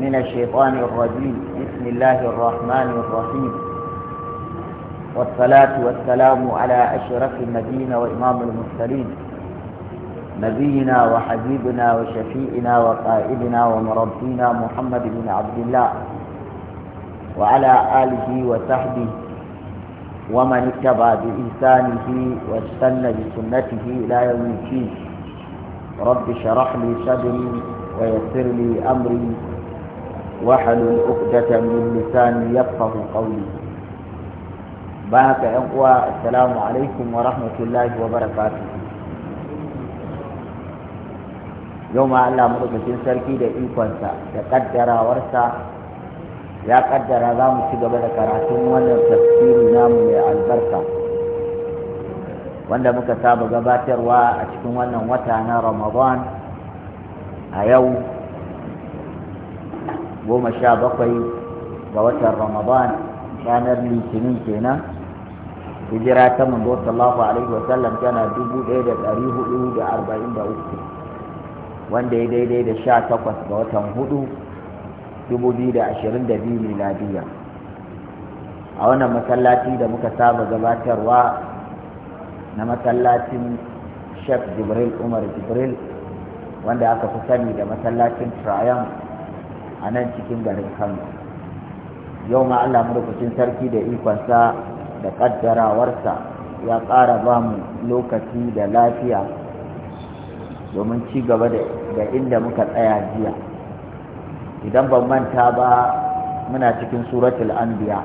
من الشيطان الرجيم بسم الله الرحمن الرحيم والصلاة والسلام على أشرف المدينة وإمام المرسلين نبينا وحبيبنا وشفيئنا وقائدنا ومربينا محمد بن عبد الله وعلى آله وصحبه ومن اتبع بإنسانه واستنى بسنته إلى يوم الدين رب شرح لي صدري ويسر لي أمري wahalul uqdatan min lisani yafqahu qawli ba haka yan uwa "Salamu alaikum wa rahmatullahi wa barakatu!" yau ma Allah madaukakin sarki da ikonsa da kaddarawarsa ya kaddara za mu ci gaba da karatun wannan tafsiri namu mai albarka wanda muka saba gabatarwa a cikin wannan wata na ramadan a yau goma sha bakwai ga watan ramadan ranar litinin kenan hijira ta manzo sallallahu alaihi wa sallam tana dubu ɗaya da ɗari hudu da arba'in da uku wanda ya daidai da sha takwas ga watan hudu dubu biyu da ashirin da biyu miladiya a wannan masallaci da muka saba gabatarwa na masallacin shek jibril umar jibril wanda aka fi sani da masallacin triumph a nan cikin garin kano yau ma allah madaukakin sarki da ikonsa da ƙaddarawarsa ya ƙara ba mu lokaci da lafiya domin ci gaba da inda muka tsaya jiya idan ban manta ba muna cikin suratul anbiya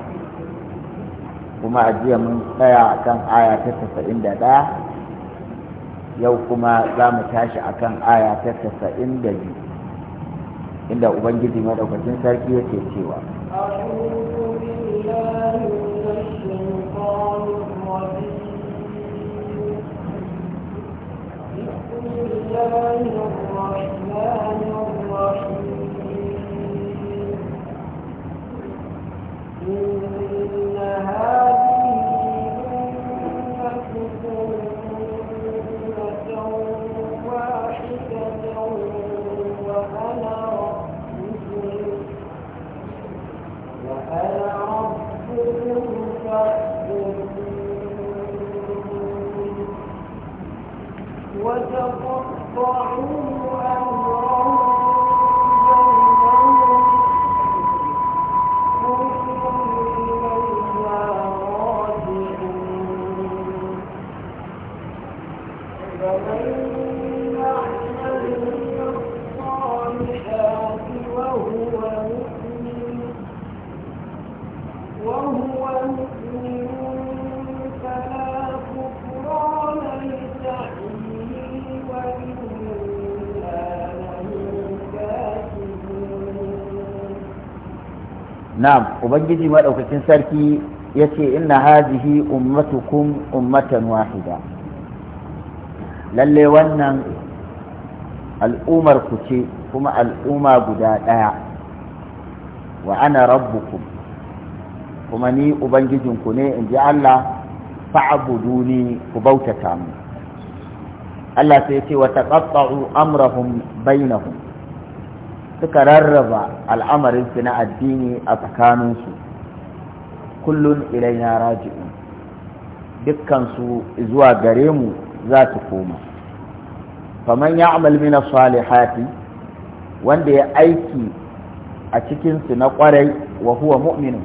kuma a jiya mun tsaya kan aya ta tasa'in da ɗaya yau kuma za mu tashi akan aya ta tasa'in da biyu inda ubangiji maɗaukacin sarki yake cewa إن هذا الصالحون na'am ubangiji madaukakin sarki yace inna hazihi ummatukum ummatan wahida lalle wannan al'umar ku ce kuma al'umma guda ɗaya wa ana rabbukum kuma ni ubangijinku ne in ji Allah fa'abuduni ku bautata mu Allah sai ce wa taqatta'u amrahum bainahum suka rarraba al'amarinsu na addini a tsakaninsu kullun ilaina raji'un dukkansu zuwa gare mu za su koma faman ya amal mina salihati wanda ya aiki a cikinsu na kwarai wa huwa mu'minu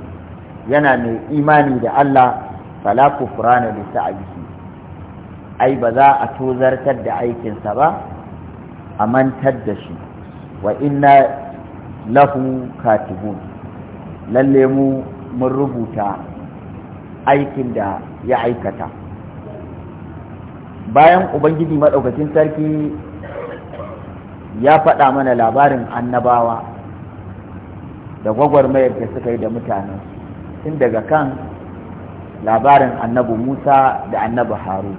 yana mai imani da Allah falaku furana da sa'abihi ai ba za a tozartar da aikinsa ba a mantar da shi wa inna lahu katibun lalle mu mun rubuta aikin da ya aikata bayan ubangiji maɗaukacin sarki ya faɗa mana labarin annabawa da gwagwarmayar da suka yi da mutane, tun daga kan labarin annabi musa da annabi haru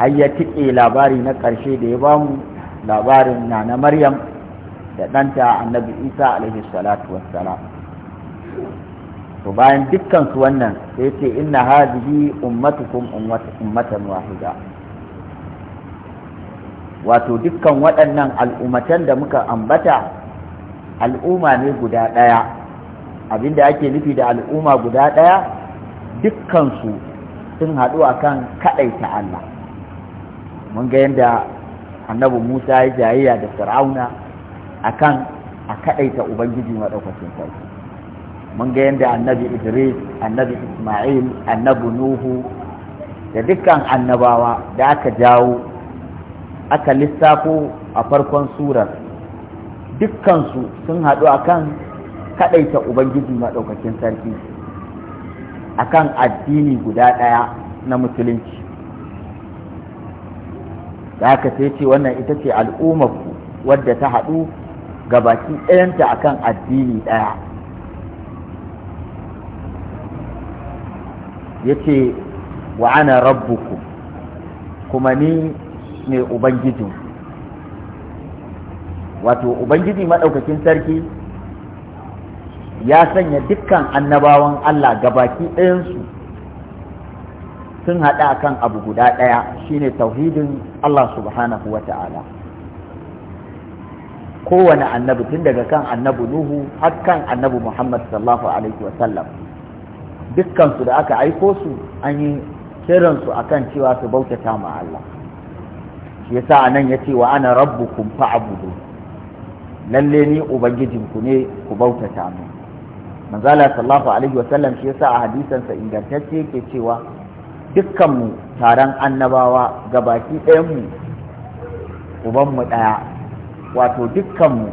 har ya tike labari na ƙarshe da ya bamu labarin na na maryam da ɗanta annabi isa alaihi salatu wassalam to bayan dukkan su wannan sai ce inna hadhihi ummatukum ummatan wahida wato dukkan waɗannan al'umatan da muka ambata al'umma ne guda ɗaya abinda ake nufi da al'umma guda ɗaya dukkansu sun haɗu akan kaɗaita Allah mun ga yadda annabi musa ya jayayya da fir'auna akan a kadaita ubangiji maɗaukacin sarki mun ga yadda annabi idris annabi isma'il annabi nuhu da dukkan annabawa da aka jawo aka lissafo a farkon surar dukkansu sun haɗu akan kadaita ubangiji maɗaukakin sarki akan addini guda ɗaya na musulunci da aka sai ce wannan ita ce al'ummarku wadda ta haɗu ga baki ɗayanta akan addini ɗaya ya ce wa ana rabbuku kuma ni ne ubangijin wato ubangiji maɗaukakin sarki ya sanya dukkan annabawan allah ga baki ɗayansu sun haɗa akan abu guda ɗaya shine tauhidin Allah subhanahu wa ta'ala kowane annabi tun daga kan annabi nuhu har kan annabi muhammad sallallahu alaihi wasallam dukkansu da aka aiko su an yi kiransu akan cewa su bautata ma Allah shi yasa nan ya ce wa ana rabbukum fa'budu lalle ni ubangijinku ne ku bautata mu manzala sallallahu alaihi wasallam shi yasa a hadisansa ingantacce yake cewa dukkanmu taron annabawa ga baki ɗayanmu ubanmu ɗaya wato dukkanmu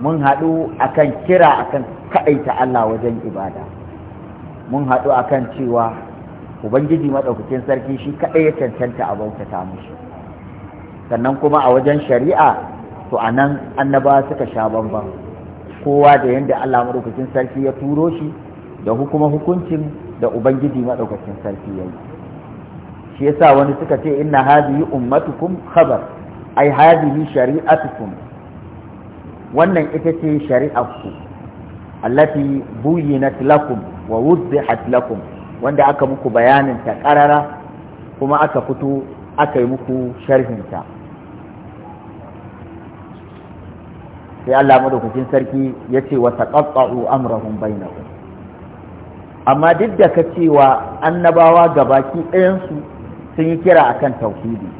mun haɗu akan kira akan kaɗaita Allah wajen ibada mun haɗu akan cewa ubangiji maɗaukakin sarki shi kaɗai ya cancanta a bautata mushi sannan kuma a wajen shari'a to a nan annabawa suka sha bambam kowa da yadda Allah maɗaukakin sarki ya turo shi da kuma hukuncin da ubangiji madaukakin sarki yi. shi yasa wani suka ce inna hadhihi ummatukum khabar ai hadhihi shari'atukum wannan ita ce shari'arku allati buyinat lakum wa wuddihat lakum wanda aka muku bayanin ta karara kuma aka fito aka yi muku sharhinta sai Allah madaukakin sarki ya ce wa taqatta'u amrahum bainahum amma duk da ka cewa annabawa gabaki ɗayansu sun yi kira a kan tauhidi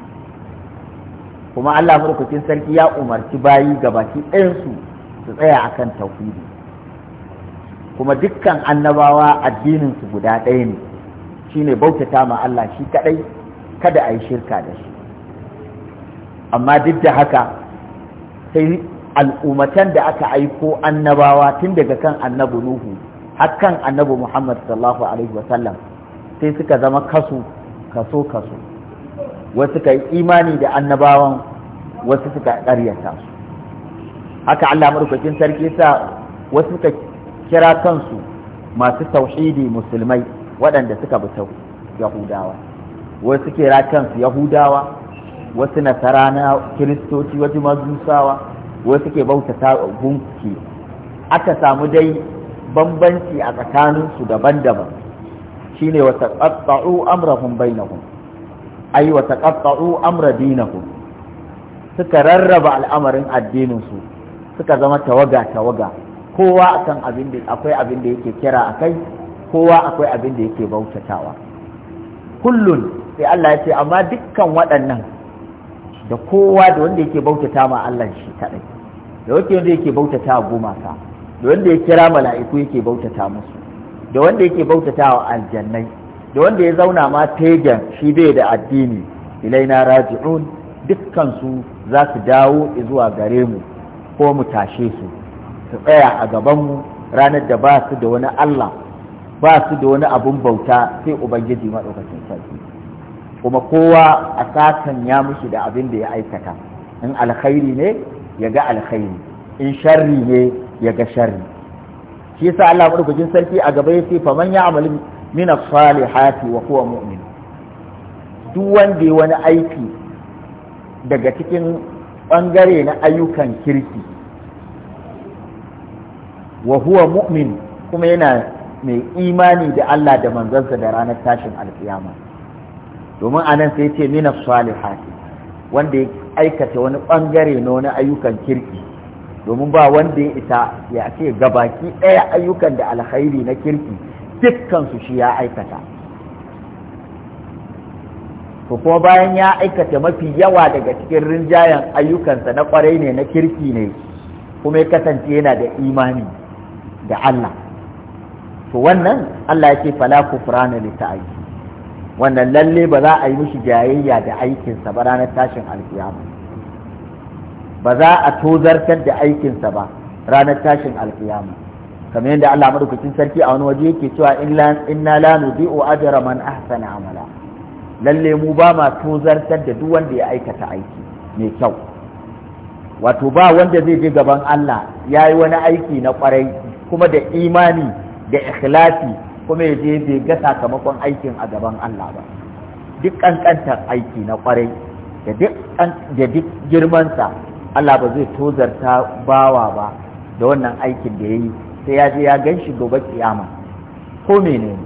kuma Allah murkucin sarki ya umarci bayi gabaki ɗayansu su tsaya a kan tauhidi kuma dukkan annabawa addininsu guda ɗaya ne shine bautata ma Allah shi kaɗai kada a yi shirka da shi amma duk da haka sai al'ummatan da aka aiko annabawa tun daga kan annabi Nuhu hakan annabi Muhammad sallallahu alaihi wasallam sai suka zama kasu kaso kaso wasu ka imani da annabawan wasu suka ƙaryata su haka Allah madaukakin sarki sa wasu suka kira kansu masu tauhidi musulmai waɗanda suka bi yahudawa wasu kira kansu yahudawa wasu nasara na kiristoci wasu majusawa wasu ke bauta gunki aka samu dai bambanci a tsakaninsu daban-daban shi ne wata tsatsa'u amrahum bainahum ai wata tsatsa'u amra dinahum suka rarraba al'amarin addininsu suka zama tawaga tawaga kowa akan abin da akwai abin da yake kira a kai, kowa akwai abin da yake bautatawa kullun sai Allah ya ce amma dukkan waɗannan da kowa da wanda yake bautata ma Allah shi kaɗai da wanda yake bautata gumaka da wanda ya kira mala'iku yake bautata musu da wanda yake bautata wa aljannai da wanda ya zauna ma tegen shi bai da addini ilaina raji'un dukkan su za su dawo zuwa gare mu ko mu tashe su su tsaya a gaban mu ranar da ba su da wani Allah ba su da wani abun bauta sai ubangiji maɗaukacin sarki kuma kowa a sakan ya mushi da abin da ya aikata in alkhairi ne ya ga alkhairi in sharri ne ya ga sharri shi yasa Allah madaukakin sarki a gaba yace faman ya'mal min as-salihati wa huwa mu'min duk wanda ya wani aiki daga cikin bangare na ayyukan kirki wa huwa mu'min kuma yana mai imani da Allah da manzansa da ranar tashin alkiyama domin anan sai ce mina salihati wanda ya aikata wani bangare na wani ayyukan kirki domin ba wanda ya isa ya ce gabaki ɗaya ayyukan da alkhairi na kirki dukkansu shi ya aikata to kuma bayan ya aikata mafi yawa daga cikin rinjayen ayyukansa na kwarai ne na kirki ne kuma ya kasance yana da imani da Allah to wannan Allah ya ce fala kufrana li ta'ayyi wannan lalle ba za a yi mishi jayayya da aikinsa ba ranar tashin alkiyama ba za a tozartar da aikinsa ba ranar tashin alkiyama kamar yadda Allah madaukakin sarki a wani waje yake cewa inna la nudhi'u ajra man ahsana amala lalle mu ba ma tozartar da duk wanda ya aikata aiki mai kyau wato ba wanda zai je gaban Allah ya yi wani aiki na kwarai kuma da imani da ikhlasi kuma ya je bai ga sakamakon aikin a gaban Allah ba duk kankantar aiki na kwarai da duk girmansa Allah ba zai tozarta bawa ba da wannan aikin da ya yi sai ya je ya gan shi gobe kiyama ko menene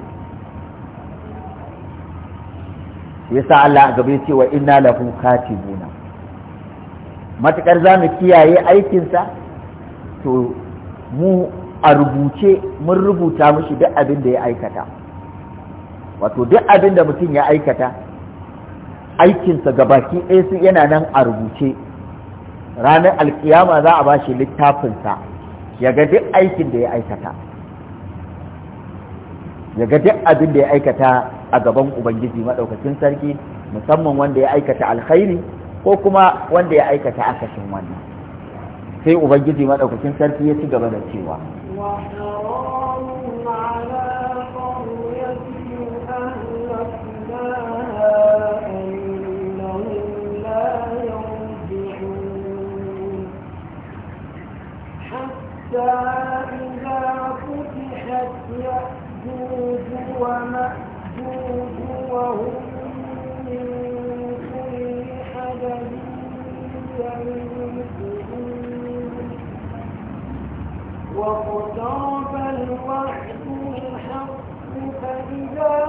sa Allah a gaba ce wa inna lahu katibuna matukar za mu kiyaye aikinsa to mu a rubuce mun rubuta mushi duk abin da ya aikata wato duk abin da mutum ya aikata aikinsa gabaki ɗaya su yana nan a rubuce ranar alkiyama za a bashi littafinsa ya ga duk aikin da ya aikata ya ga duk abin da ya aikata a gaban ubangiji maɗaukacin sarki musamman wanda ya aikata alkhairi ko kuma wanda ya aikata akashin wannan sai ubangiji maɗaukacin sarki ya ci gaba da cewa إذا فتحت يأجوج ومأجوج وهم من كل حدب واقترب الوعد الحق فإذا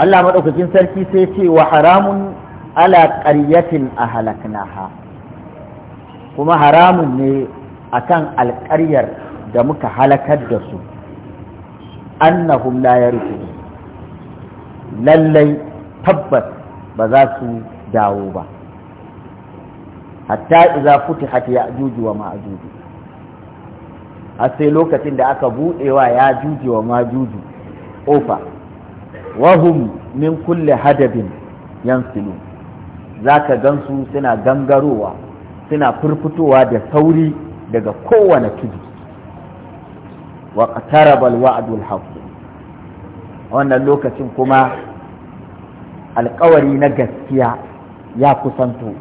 Allah maɗaukakin sarki sai ce wa haramun ala ƙaryatin a halaknaha kuma haramun ne akan alƙaryar da muka halakar da su annahum la yarku lallai tabbas ba za su dawo ba hatta idza futihat ya'juj wa ma'juj a sai lokacin da aka buɗewa ya juji wa majuju ƙofa wahum min kulle hadabin yansilu za ka gansu suna gangarowa suna furfutowa da sauri daga kowane tudu wa qatarabal wa'dul haqq wannan lokacin kuma alkawari na gaskiya ya kusanto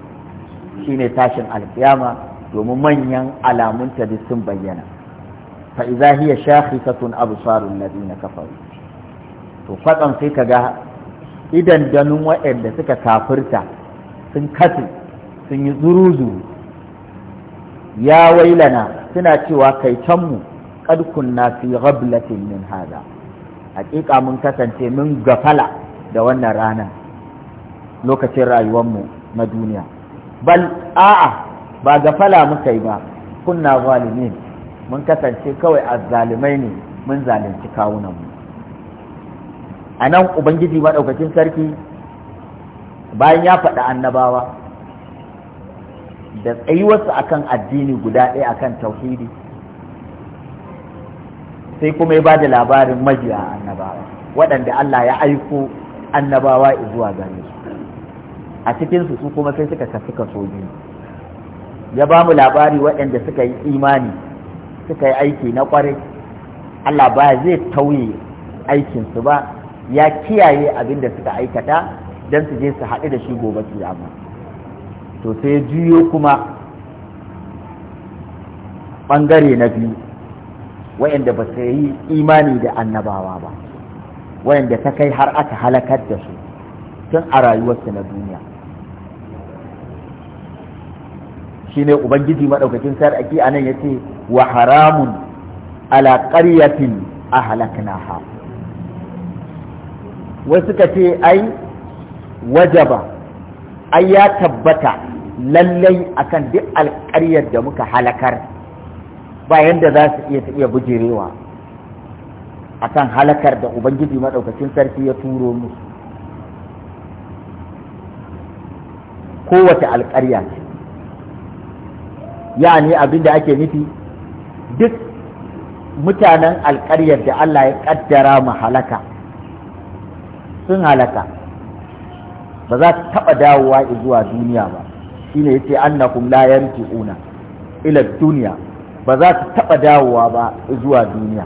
shine tashin alkiyama domin manyan alamun ta sun bayyana fa idza hiya shakhisatun absarul ladina kafaru to kwatsam sai ka ga idan ganin waɗanda suka kafirta sun kasu sun yi zuru ya wailana suna cewa kai canmu kad kunna fi ghablatin min hada hakika mun kasance mun gafala da wannan rana lokacin rayuwarmu na duniya bal a'a ba gafala muka yi ba kunna zalimin mun kasance kawai azzalimai ne mun zalunci kawunanmu a nan ubangiji maɗaukakin sarki bayan ya faɗa annabawa da tsayuwarsu akan addini guda ɗaya akan tauhidi sai kuma ya ba da labarin majiya annabawa waɗanda Allah ya aiko annabawa zuwa gare su a cikinsu su kuma sai suka kasu kaso biyu ya ba mu labari waɗanda suka yi imani suka yi aiki na ƙwarai Allah ba zai tauye aikinsu ba ya kiyaye abin da suka aikata don su je su haɗu da shi gobe kiyama to sai juyo kuma ɓangare na biyu wayanda ba su yi imani da annabawa ba wayanda ta kai har aka halakar da su tun a rayuwarsu na duniya shi ne ubangiji maɗaukacin sarki a nan ya ce wa haramun ala ƙaryatin a ha? wai suka ce ai wajaba ai ya tabbata lallai akan duk alƙaryar da muka halakar bayan da za su iya iya bujirewa akan halakar da ubangiji maɗaukacin sarki ya turo musu kowace alƙarya ce yani abin da ake nufi duk mutanen alƙaryar da Allah ya ƙaddara mu halaka sun halaka ba za su taɓa dawowa zuwa duniya ba shi ne ya yace annakum la una ila duniya ba za su taɓa dawowa ba zuwa duniya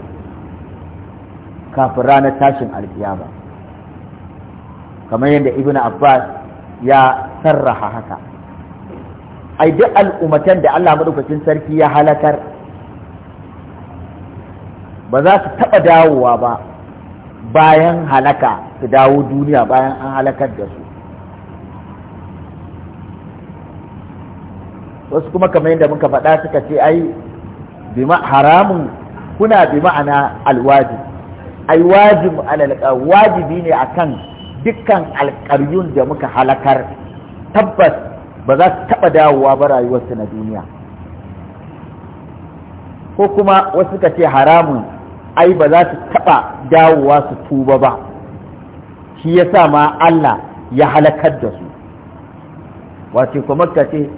kafin ranar tashin alkiyama kamar yadda ibn abbas ya sarraha haka ai duk al'ummatan da allah maɗaukacin sarki ya halakar ba za su taɓa dawowa ba bayan halaka su dawo duniya bayan an halakar da su wasu kuma kamar yadda muka faɗa suka ce ai haramun kuna bi ma'ana alwaji ai wajibi ne akan dukkan alƙaryun da muka halakar tabbas ba za su taɓa dawowa ba rayuwarsu na duniya ko kuma wasu suka ce haramun ai ba za su taɓa dawowa su tuba ba shi ya sa ma Allah ya halakar da su wace kuma ce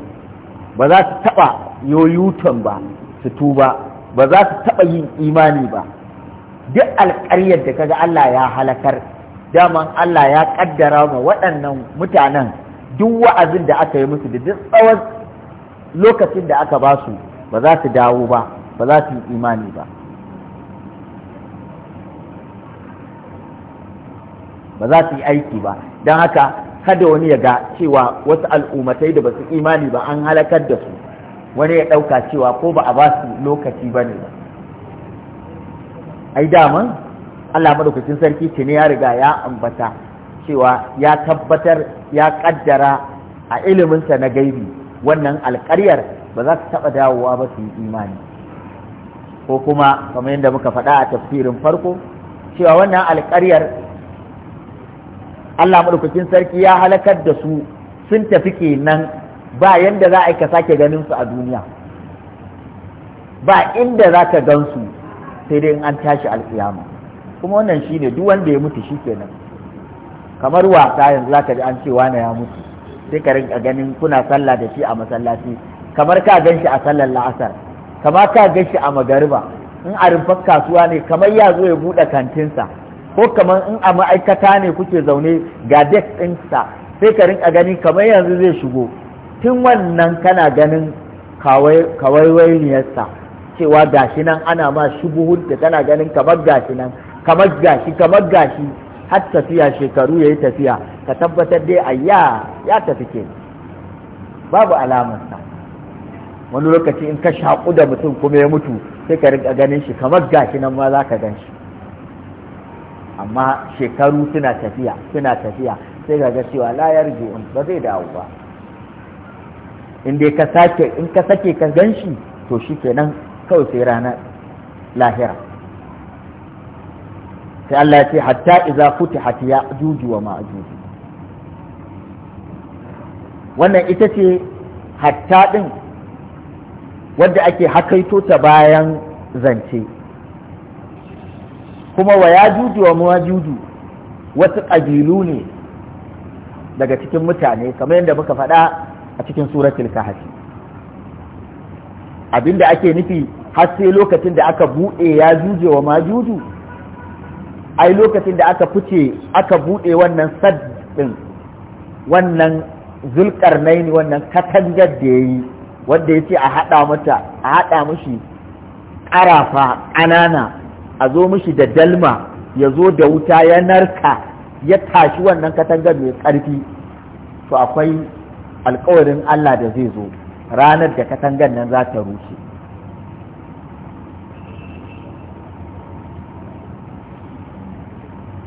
ba za su taɓa yoyutan ba su tuba ba za su taɓa yin imani ba duk alƙaryar da kaga Allah ya halakar daman Allah ya ƙaddara ma waɗannan mutanen duk wa'azin da aka yi musu da duk tsawon lokacin da aka ba su ba za su dawo ba ba za su yi imani ba ba za su yi aiki ba don haka kada wani ya ga cewa wasu al'ummatai da ba su imani ba an halakar da su wani ya ɗauka cewa ko ba a ba su lokaci ba ne ba ai daman allah madaukakin sarki ce ne ya riga ya ambata cewa ya tabbatar ya ƙaddara a iliminsa na gaibi wannan alƙaryar ba za su taɓa dawowa ba su yi imani ko kuma kamar yadda muka faɗa a tafsirin farko cewa wannan alƙaryar Allah madaukakin sarki ya halakar da su sun tafi kenan ba yanda za a ka sake ganin su a duniya ba inda za ka gan su sai dai in an tashi alkiyama kuma wannan shi ne duk wanda ya mutu shi kenan kamar wasa yanzu za ka ji an ce wane ya mutu sai ka rinka ganin kuna sallah da shi a masallaci kamar ka gan shi a sallar la'asar kamar ka gan shi a magariba in a rumfar kasuwa ne kamar ya zo ya buɗe kantinsa ko kamar in a ma'aikata ne kuke zaune ga desk ɗinsa sai ka rinka gani kamar yanzu zai shigo tun wannan kana ganin kawaiwainiyarsa cewa gashi nan ana ma shigo da kana ganin kamar gashi nan kamar gashi kamar gashi har tafiya shekaru ya yi tafiya ka tabbatar dai ayya ya tafi ke babu alamarsa wani lokaci in ka shaƙu da mutum kuma ya mutu sai ka rinka ganin shi kamar gashi nan ma za ka gan shi amma shekaru suna tafiya suna tafiya sai ga cewa la in ba zai dawo ba in ka sake in ka sake ka ganshi to shi nan kawai sai ranar lahira sai Allah ya ce hatta idza futihat juju wa ma'juj wannan ita ce hatta din wadda ake hakaito ta bayan zance kuma wa ya juju wa majuju wasu ƙabilu ne daga cikin mutane kamar yadda muka faɗa a cikin suratul kahfi abinda ake nufi har sai lokacin da aka buɗe ya juje wa majuju ai lokacin da aka fice aka buɗe wannan saddin wannan zulkarnaini wannan katangar da ya yi wanda ya ce a haɗa mata a haɗa mushi ƙarafa ƙanana a zo mishi da dalma ya zo da wuta ya narka ya tashi wannan katangar mai ƙarfi to akwai alkawarin Allah da zai zo ranar da katangar nan za ta rushe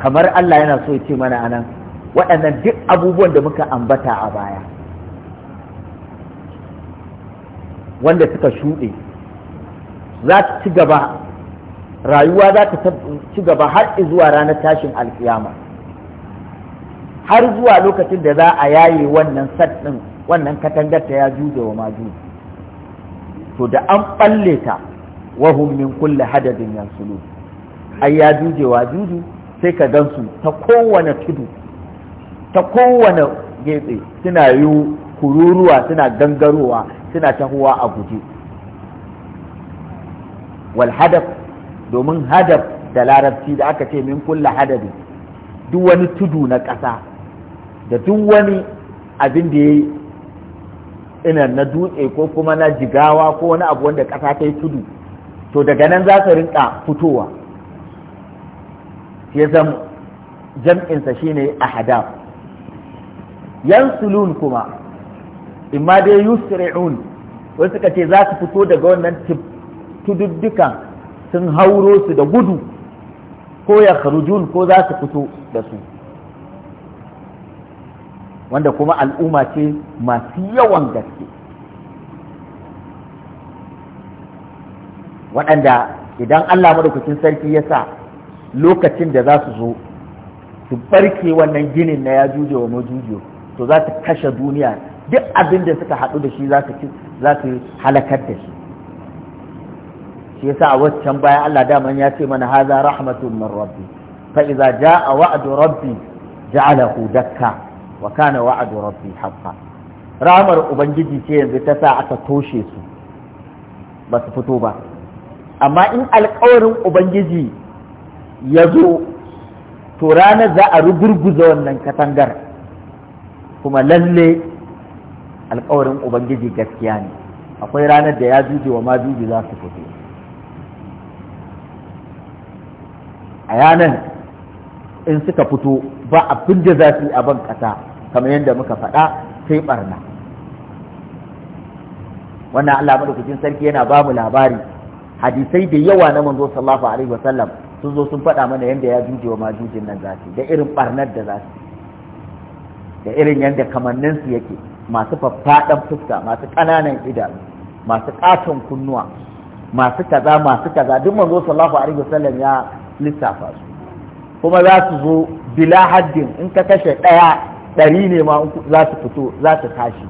kamar Allah yana so ya ce mana anan waɗannan duk abubuwan da muka ambata a baya wanda suka shuɗe za ta ci gaba rayuwa za ta ci gaba har zuwa ranar tashin alkiyama har zuwa lokacin da za a yaye wannan sat wannan katangar ta ya juje wa maju to da an ɓalle ta wahum min kulli hadadin yansulu ai ya juje wa juju sai ka gansu ta kowane tudu ta kowane getse suna yi kururuwa suna gangarowa suna tahowa a guje wal hadaf domin hadab da larabci da aka ce min kulla hadabi duk wani tudu na ƙasa da duk wani abin da ya yi ina na dutse ko kuma na jigawa ko wani abu wanda ƙasa ta yi tudu to daga nan za su rinka fitowa ya zama jam'insa shine a hadab yan sulun kuma imma dai yusri'un wasu suka ce za su fito daga wannan tududdukan sun hauro su da gudu ko ya kharujun ko za su fito da su wanda kuma al'umma ce masu yawan gaske waɗanda idan Allah madaukakin sarki ya sa lokacin da za su zo su barke wannan ginin na ya juje wa majujo to za su kashe duniya duk abin da suka haɗu da shi za su halakar da shi shi yasa a waccan bayan Allah daman ya ce mana haza rahmatun min rabbi fa idza jaa wa'du rabbi ja'alahu dakka wa kana wa'du rabbi haqqan rahmar ubangiji ce yanzu ta sa aka toshe su ba su fito ba amma in alƙawarin ubangiji ya zo to ranar za a rugurguza wannan katangar kuma lalle alƙawarin ubangiji gaskiya ne akwai ranar da ya juje wa ma za su fito a yanar in suka fito ba abin da za su yi a ban ƙasa kamar yadda muka faɗa sai barna wannan Allah madaukakin sarki yana ba mu labari hadisai da yawa na manzo sallallahu alaihi wasallam sun zo sun faɗa mana yadda ya juje wa majujin nan zafi, da irin barnar da zafi, da irin yadda kamannin su yake masu faffaɗan fuska masu ƙananan idanu masu ƙaton kunnuwa masu kaza masu kaza duk manzo sallallahu alaihi wasallam ya lissafa su kuma za su zo bila haddin in ka kashe ɗaya ɗari ne ma za su fito za su tashi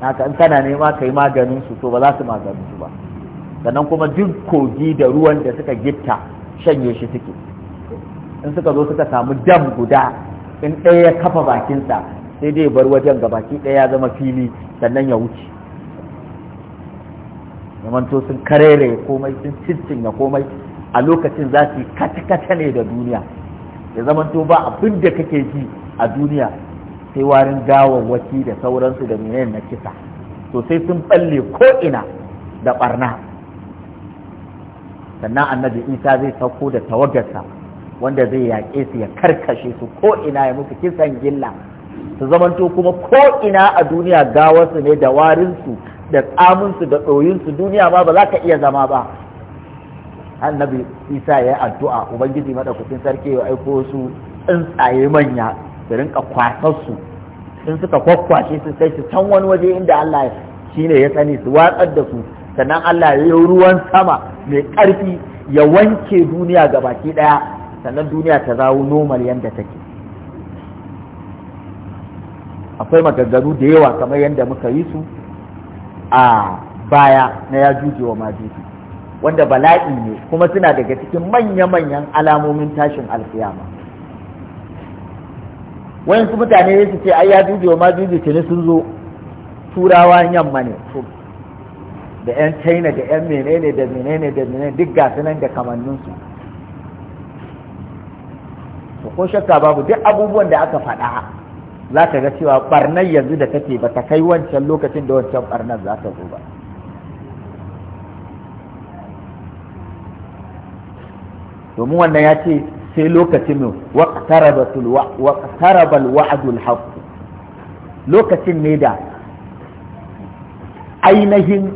haka in kana nema ka yi maganin su to ba za su maganin su ba sannan kuma duk kogi da ruwan da suka gitta shanye shi suke in suka zo suka samu dam guda in ɗaya ya kafa bakinsa sai dai bar wajen ga baki ɗaya ya zama fili sannan ya wuce zamanto sun karere komai sun cincin ya komai a lokacin za su yi kata-kata ne da duniya ya zamanto ba abin da kake ji a duniya sai warin waki da sauransu da menene na kisa to sai sun balle ko'ina da barna sannan annabi isa zai sauko da tawagarsa wanda zai yaƙe su ya karkashe su ko'ina ya musu kisan gilla su zamanto kuma ko'ina a duniya gawarsu ne da warinsu da tsaminsu da ɗoyinsu duniya ba ba za ka iya zama ba annabi isa ya yi addu'a ubangiji madaukakin sarki ya aiko su tsuntsaye manya su rinka kwasarsu sun suka kwakwashe su sai su can wani waje inda Allah shine ya sani su watsar da su sannan Allah ya yi ruwan sama mai ƙarfi ya wanke duniya ga baki ɗaya sannan duniya ta zawo normal yadda take akwai maganganu da yawa kamar yadda muka yi su a baya na ya jujewa wa wanda bala'i ne kuma suna daga cikin manya-manyan alamomin tashin alkiyama wayansu mutane ne su ce ai ya juje ma juje tuni sun zo turawa yamma ne da yan china da yan menene da menene da menene duk su nan da kamanninsu to ko shakka babu duk abubuwan da aka faɗa za ka ga cewa barnar yanzu da take ba ta kai wancan lokacin da wancan barnar za ta zo ba domin wannan ya ce sai lokacin mu waqtarabal wa'dul haqq lokacin ne da ainihin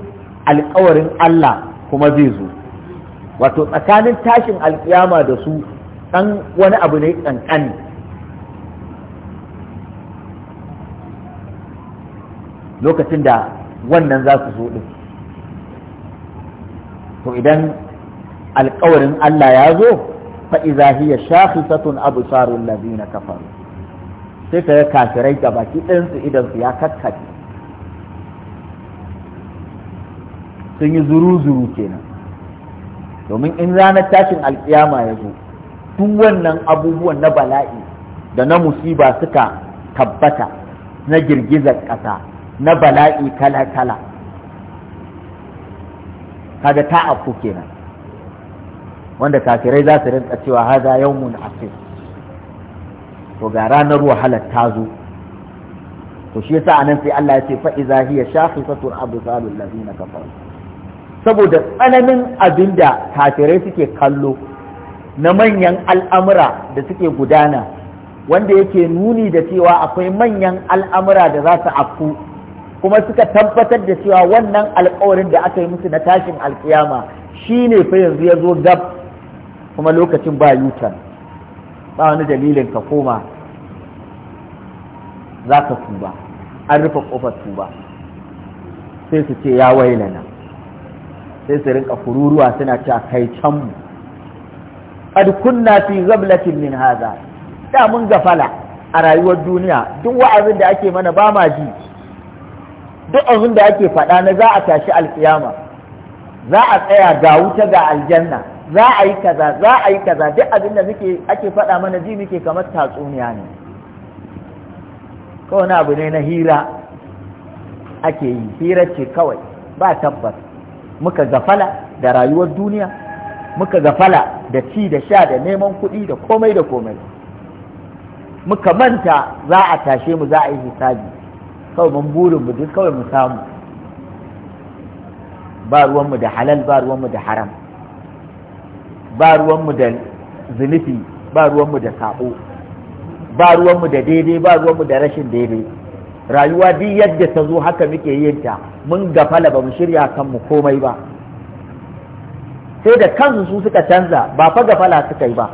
alkawarin Allah kuma zai zo wato tsakanin tashin alkiyama da su ɗan wani abu ne ƙanƙani lokacin da wannan za su zo din to idan alkawarin Allah ya zo fa iza hiya shakhisatun absarul ladina kafaru sai ka kafirai ga baki ɗin su idan su ya kakkace sun yi zuru-zuru kenan domin in ranar tashin alkiyama ya zo duk wannan abubuwan na bala'i da na musiba suka tabbata na girgizar ƙasa na bala'i kala-kala kaga ta afku kenan wanda kafirai za su rinka cewa haza yawmun asir to ga ranar wahalar ta zo to shi yasa anan sai Allah ya ce fa iza hiya shakhisatun absalul ladina kafar saboda tsananin abinda kafirai suke kallo na manyan al'amura da suke gudana wanda yake nuni da cewa akwai manyan al'amura da za su afku kuma suka tabbatar da cewa wannan alkawarin da aka yi musu na tashin alkiyama shi ne fa yanzu ya zo gab kuma lokacin ba yutan ba wani dalilin ka koma za ka tuba an rufe kofar tuba sai su ce ya wailana sai su rinka kururuwa suna cewa kai can mu qad kunna fi zablatin min haza da mun gafala a rayuwar duniya duk wa'azin da ake mana ba ma ji duk abin da ake faɗa na za a tashi alkiyama za a tsaya ga wuta ga aljanna za a yi kaza za a yi kaza duk abin da muke ake faɗa mana ji muke kamar tatsuniya ne kawai abu ne na hira ake yi hira ce kawai ba tabbas muka gafala da rayuwar duniya muka gafala da ci da sha da neman kuɗi da komai da komai muka manta za a tashe mu za a yi hisabi kawai mun burin mu duk kawai mu samu ba ruwanmu da halal ba ruwanmu da haram ba ruwanmu da zunufi ba ruwanmu da saƙo ba ruwanmu da daidai ba ruwanmu da rashin daidai rayuwa duk yadda ta zo haka muke yin ta mun gafala ba mu shirya kanmu komai ba sai da kansu su suka canza ba fa gafala suka yi ba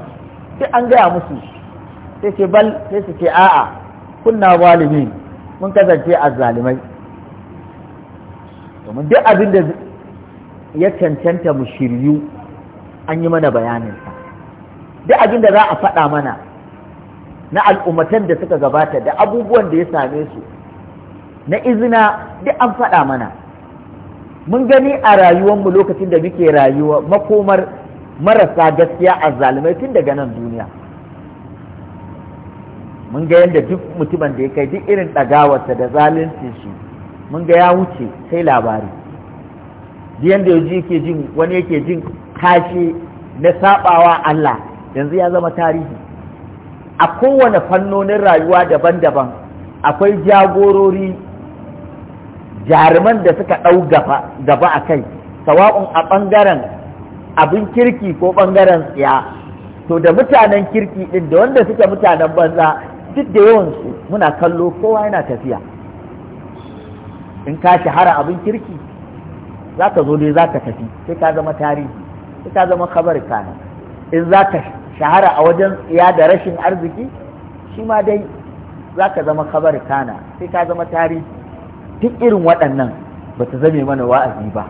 sai an gaya musu sai ce bal sai su ce a'a kunna walimi mun kasance azzalimai domin duk abin da ya cancanta mu shiryu an yi mana bayaninsa duk abin da za a faɗa mana na al'ummatan da suka gabata da abubuwan da ya same su na izina duk an faɗa mana mun gani a rayuwanmu lokacin da muke rayuwa makomar marasa gaskiya a zalimai tun daga nan duniya mun ga yadda duk mutumin da ya kai duk irin ɗagawarsa da zalunci shi mun ga ya wuce sai labari duk yadda yake jin wani yake jin kashi na sabawa Allah yanzu ya zama tarihi a kowane fannonin rayuwa daban-daban akwai jagorori jaruman da suka ɗau gaba a kai sawa'un a ɓangaren abin kirki ko ɓangaren tsiya to da mutanen kirki ɗin da wanda suke mutanen banza duk da yawansu muna kallo kowa yana tafiya in ka shahara abin kirki za ka zo dai za ka tafi sai ka zama tarihi ta zama kabar kana in za ka shahara a wajen ya da rashin arziki shi ma dai za ka zama kabar kana sai ka zama tarihi duk irin waɗannan ba ta zame mana wa'azi ba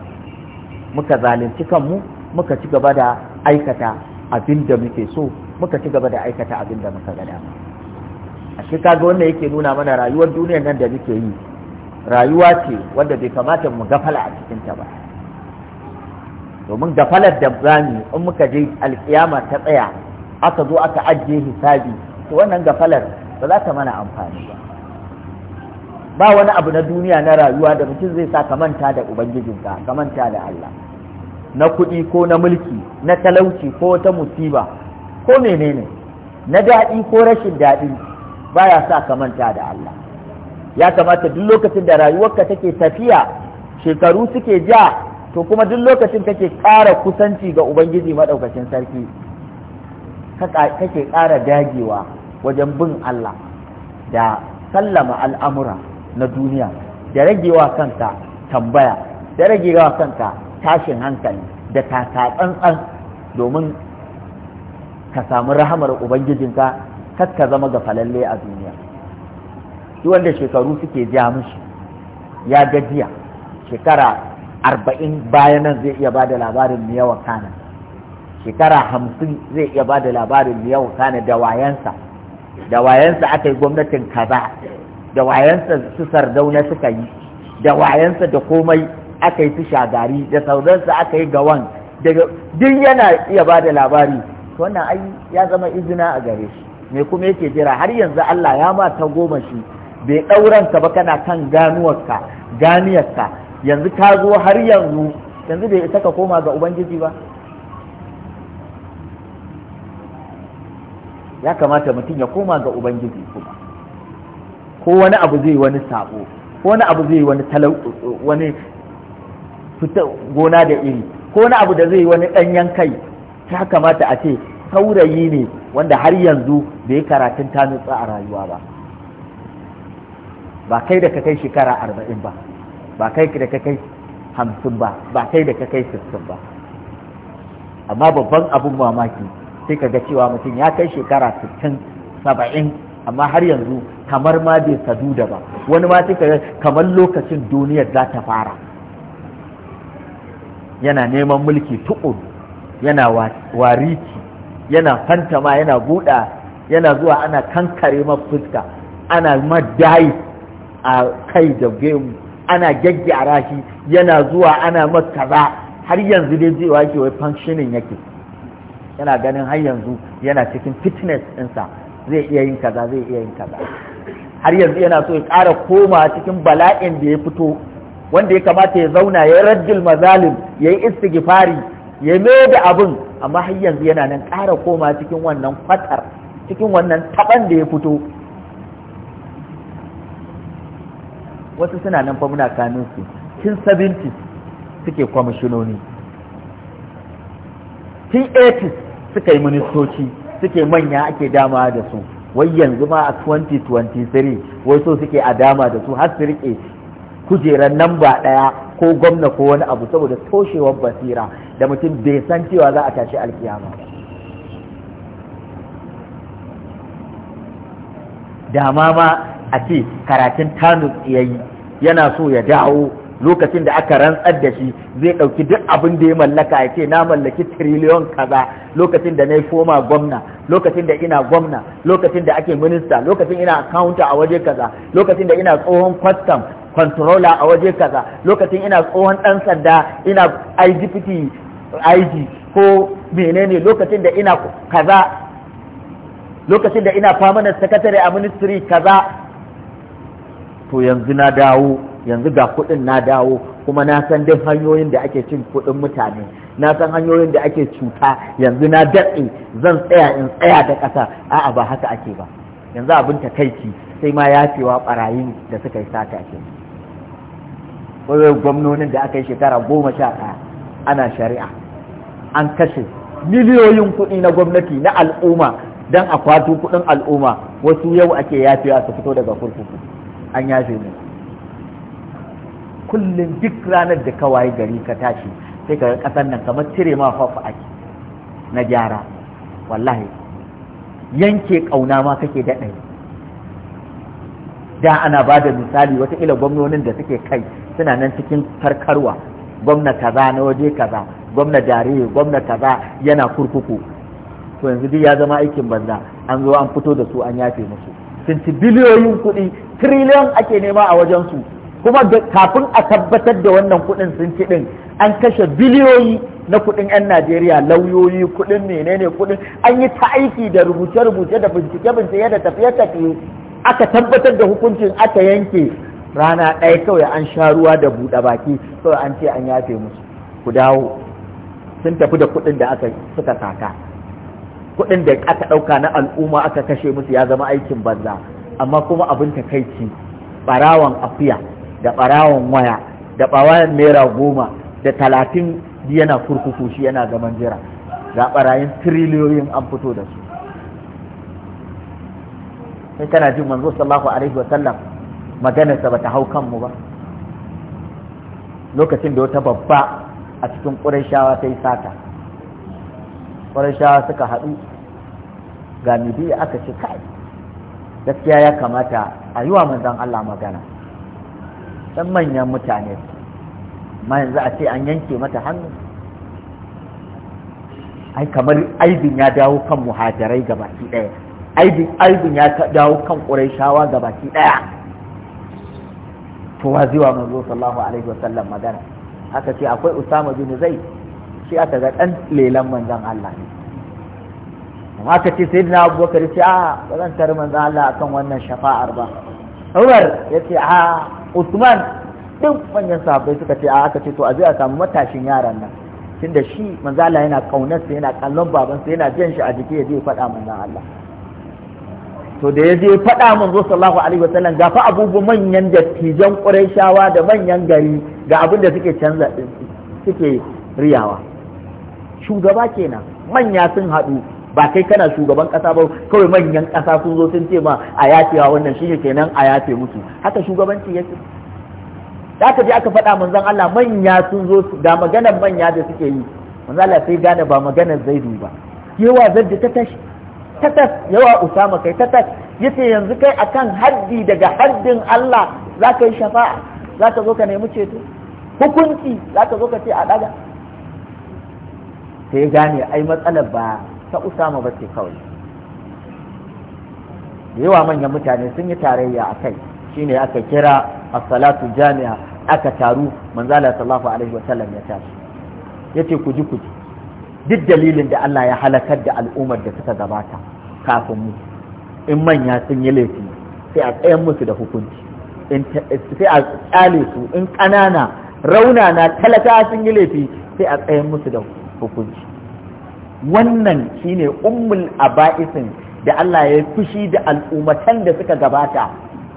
muka zalunci kanmu muka ci gaba da aikata abin da muke so muka ci gaba da aikata abin da muka gada a shi ga wannan yake nuna mana rayuwar duniyar nan da muke yi rayuwa ce wanda bai kamata mu gafala a cikinta ba domin da falar da zami in muka je alkiyama ta tsaya aka zo aka ajiye hisabi to wannan gafalar ba za ta mana amfani ba ba wani abu na duniya na rayuwa da mutum zai sa ka manta da ubangijinka ka manta da Allah na kuɗi ko na mulki na talauci ko wata musiba ko menene na daɗi ko rashin daɗi baya sa ka manta da Allah ya kamata duk lokacin da rayuwarka take tafiya shekaru suke ja to kuma duk lokacin kake ƙara kusanci ga ubangiji maɗaukacin sarki kake ƙara dagewa wajen bin Allah da sallama al'amura na duniya da ragewa kanka tambaya da ragewa kanka tashin hankali da taka tsantsan domin ka samu rahamar ubangijinka kar ka zama ga falalle a duniya duk wanda shekaru suke ja mushi ya gajiya shekara arba'in nan zai iya ba da labarin yawa kana shekara hamsin zai iya ba da labarin yawa kana da wayansa da wayansa aka yi gwamnatin kaza da wayansa su sardauna suka yi da wayansa da komai aka yi su shagari da sauransa aka yi gawan daga duk yana iya ba da labari wannan ai ya zama izina a gare shi me kuma yake jira har yanzu Allah ya ma ta goma shi bai ɗauranka ba kana kan ganuwarka ganiyarka yanzu ta zo har yanzu yanzu bai isa ka koma ga ubangiji ba ya kamata mutum ya koma ga ubangiji kuma ko wani abu zai wani sabo ko wani abu zai wani talau wani fita gona da iri ko wani abu da zai wani ɗanyen kai ya kamata a ce saurayi ne wanda har yanzu bai karatun ta nutsa a rayuwa ba ba kai da ka kai shekara arba'in ba ba kai da ka kai hamsin ba ba kai da ka kai sittin ba amma babban abin mamaki sai ka ga cewa mutum ya kai shekara sittin saba'in amma har yanzu kamar ma bai sadu da ba wani ma sai kamar lokacin duniyar za ta fara yana neman mulki tukuru yana wariki yana fantama yana buɗa yana zuwa ana kankare fuska ana madayi a kai da gemu ana gyaggyara shi yana zuwa ana masa kaza har yanzu dai zai wake wai functioning yake yana ganin har yanzu yana cikin fitness ɗinsa zai iya yin kaza zai iya yin kaza har yanzu yana so ya ƙara koma cikin bala'in da ya fito wanda ya kamata ya zauna ya raddil mazalim ya yi istighfari ya mai da abin amma har yanzu yana nan ƙara koma cikin wannan kwatar cikin wannan taban da ya fito wasu suna nan fa muna kanin su tun 70 suke kwamishinoni tun 80 suka yi ministoci suke manya ake dama da su wai yanzu ma a 2023 wai so suke a dama da su har su rike kujerar namba ɗaya ko gwamna ko wani abu saboda toshewar basira da mutum bai san cewa za a tashi alkiyama dama ma a ce karatun tanus ya yi yana so ya dawo lokacin da aka rantsar da shi zai ɗauki duk abin da ya mallaka ya ce na mallaki tiriliyon kaza lokacin da na yi foma gwamna lokacin da ina gwamna lokacin da ake minista lokacin ina akawunta a waje kaza lokacin da ina tsohon kwastam controller a waje kaza lokacin ina tsohon ɗan sanda ina IGPT IG ko menene lokacin da ina kaza lokacin da ina permanent secretary a ministry kaza to yanzu na dawo yanzu ga kuɗin na dawo kuma na san duk hanyoyin da ake cin kuɗin mutane na san hanyoyin da ake cuta yanzu na daɗe zan tsaya in tsaya da ƙasa a'a ba haka ake ba yanzu abin ta takaici sai ma ya cewa barayin da suka yi sata ke Wani gwamnonin da aka yi shekara goma sha ɗaya ana shari'a an kashe miliyoyin kuɗi na gwamnati na al'umma don a kwato kuɗin al'umma wasu yau ake yafewa su fito daga kurkuku an yafe mu kullum duk ranar da ka waye gari ka tashi sai ka kasan nan kamar cire ma fafa na gyara wallahi yanke kauna ma kake daɗa da ana ba da misali watakila gwamnonin da suke kai suna nan cikin karkarwa gwamna kaza na waje kaza gwamna dare gwamna kaza yana kurkuku to yanzu duk ya zama aikin banza an zo an fito da su an yafe musu tunci biliyoyin kuɗi triliyon ake nema a wajensu kuma kafin a tabbatar da wannan kuɗin sun ci ɗin an kashe biliyoyi na kuɗin 'yan najeriya lauyoyi kuɗin menene kuɗin an yi ta aiki da rubuce-rubuce da bincike-bincike da tafiye-tafiye aka tabbatar da hukuncin aka yanke rana ɗaya kawai an sha ruwa da buɗe baki kawai an ce an yafe musu ku dawo sun tafi da kuɗin da aka suka saka kuɗin da aka ɗauka na al'umma aka kashe musu ya zama aikin banza amma kuma abin takaici Ɓarawon afiya da ɓarawon waya da ɓarawan naira goma da talatin yana kurkuku shi yana zaman jira ga ɓarayin tiriliyoyin an fito da su sai kana jin manzo sallahu alaihi maganar maganarsa bata hau kan mu ba lokacin da wata babba a cikin ƙurashawa ta yi sata farashawa suka haɗu ga midiya aka ce kai gaskiya ya kamata a yi wa manzan Allah magana ɗan manyan mutane ma yanzu a ce an yanke mata hannu ai kamar aibin ya dawo kan muhajirai ga baki ɗaya aibin ya dawo kan ƙurayshawa ga baki ɗaya to wa zai manzo sallallahu alaihi wasallam magana haka ce akwai usama bin zaid shi aka ga ɗan lelan manzan Allah ne amma ka ce sai na abubakar ya ce a ba zan tare manzan Allah kan wannan shafa'ar ba Umar ya ce a Usman duk manyan sahabbai suka ce a aka ce to a zai a samu matashin yaran nan da shi manzan Allah yana kaunarsa yana kallon babansa yana jan shi a jiki ya je faɗa manzan Allah to da ya je faɗa manzo sallallahu alaihi wasallam ga fa abubuwan manyan dattijan Qurayshawa da manyan gari ga abin da suke canza suke riyawa shugaba kenan manya sun haɗu ba kai kana shugaban ƙasa ba kawai manyan ƙasa sun zo sun ce ma a yafewa wannan shi kenan a yafe musu haka shugabanci yake da ka je aka faɗa manzon Allah manya sun zo da maganar manya da suke yi manzon Allah sai gane ba maganar zaidu ba yawa zaddi ta tashi ta tas yawa usama kai ta tas yace yanzu kai akan haddi daga haddin Allah za ka yi shafa'a za ka zo ka nemi ceto hukunci za ka zo ka ce a daga sai ya gane ai matsalar ba ta usama ba ce kawai yawa manyan mutane sun yi tarayya a kai shine aka kira a salatu jami'a aka taru manzala sallallahu alaihi wa sallam ya tashi ce ku ji ku ji duk dalilin da Allah ya halakar da al'ummar da suka gabata kafin mu in manya sun yi laifi sai a tsayan musu da hukunci sai a tsale su in ƙanana raunana talaka sun yi laifi sai a tsayan musu da hukunci hukunci wannan shine ummul aba'isin da Allah ya fushi da al'ummatan da suka gabata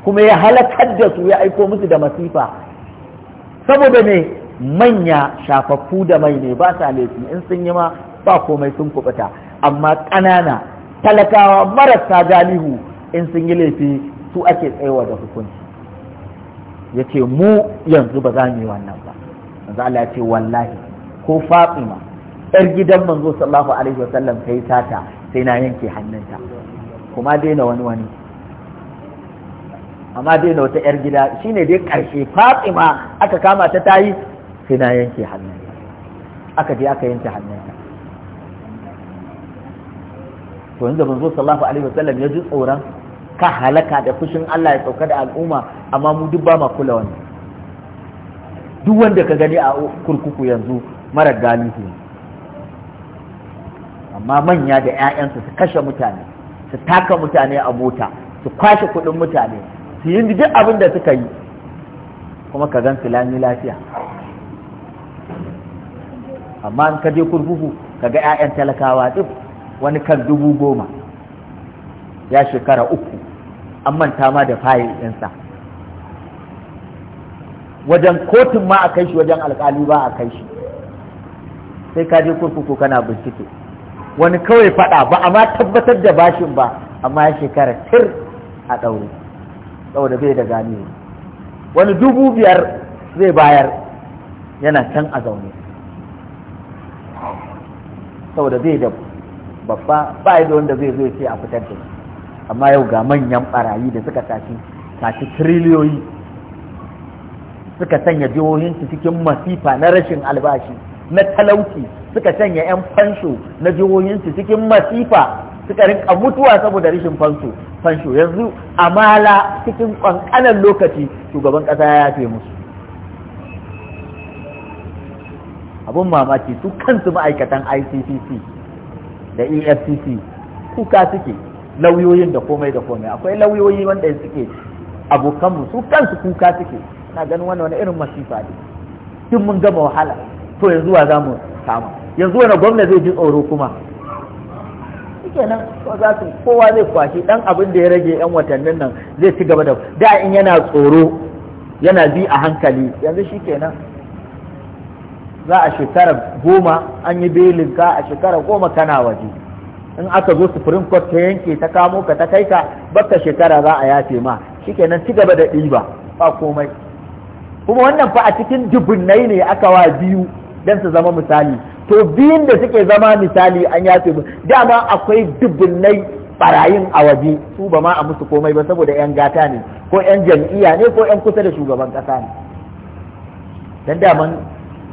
kuma ya halakar da su ya aiko musu da masifa saboda ne manya shafaffu da mai ne ba sa laifi in sun yi ma ba komai sun kubuta amma ƙanana talakawa marasa galihu in sun yi laifi su ake tsayawa da hukunci ya ce mu yanzu ba za mu yi wannan ba yanzu Allah ya ce wallahi ko fatima yar gidan manzo sallallahu alaihi wasallam ta yi sata sai na yanke hannunta kuma daina wani wani amma daina wata yar gida shine dai karshe fatima aka kama ta tayi sai na yanke hannunta aka je aka yanke hannunta to yanzu manzo sallallahu alaihi wasallam ya ji tsoron ka halaka da fushin Allah ya sauka da al'umma amma mu duk ba ma kula wani duk wanda ka gani a kurkuku yanzu mara galihu amma manya da 'ya'yansu su kashe mutane su taka mutane a mota su kwashe kuɗin mutane su yi duk abin da suka yi kuma ka gan filani lafiya amma in ka je kurkuku ka ga 'ya'yan talakawa duk wani kan dubu goma ya shekara uku an manta ma da fayil ɗinsa wajen kotun ma a kai shi wajen alkali ba a kai shi sai ka je kurkuku kana bincike wani kawai faɗa ba amma tabbatar da bashin ba amma ya shekara tir a ɗaure saboda bai da gani wani dubu biyar zai bayar yana can a zaune saboda bai da babba ba da wanda zai zo ce a fitar da amma yau ga manyan barayi da suka tashi tashi triliyoyi suka sanya jihohinsu cikin masifa na rashin albashi na talauci suka sanya 'yan fansho na jihohinsu cikin masifa suka rinka mutuwa saboda rashin fansho fansho yanzu amala cikin ƙanƙanan lokaci shugaban ƙasa ya yafe musu abun mamaki su kansu ma'aikatan ICCC da EFCC kuka suke lauyoyin da komai da komai akwai lauyoyi wanda suke abokanmu su kansu kuka suke na ganin wani wani irin masifa ne tun mun gama wahala to yanzu wa zamu kama yanzu wani gwamna zai ji tsoro kuma ko za su kowa zai kwashi dan abin da ya rage yan watannin nan zai ci gaba da da in yana tsoro yana bi a hankali yanzu shi za a shekara goma an yi belin ka a shekara goma kana waje in aka zo supreme court ta yanke ta kamo ka ta kai ka baka shekara za a yafe ma shikenan ci gaba da ɗiba ba komai kuma wannan fa a cikin dubunnai ne aka wa biyu dan su zama misali to biyun da suke zama misali an yafe ce dama akwai dubunnai barayin a waje su ba ma a musu komai ba saboda yan gata ne ko yan jam'iyya ne ko yan kusa da shugaban kasa ne dan daman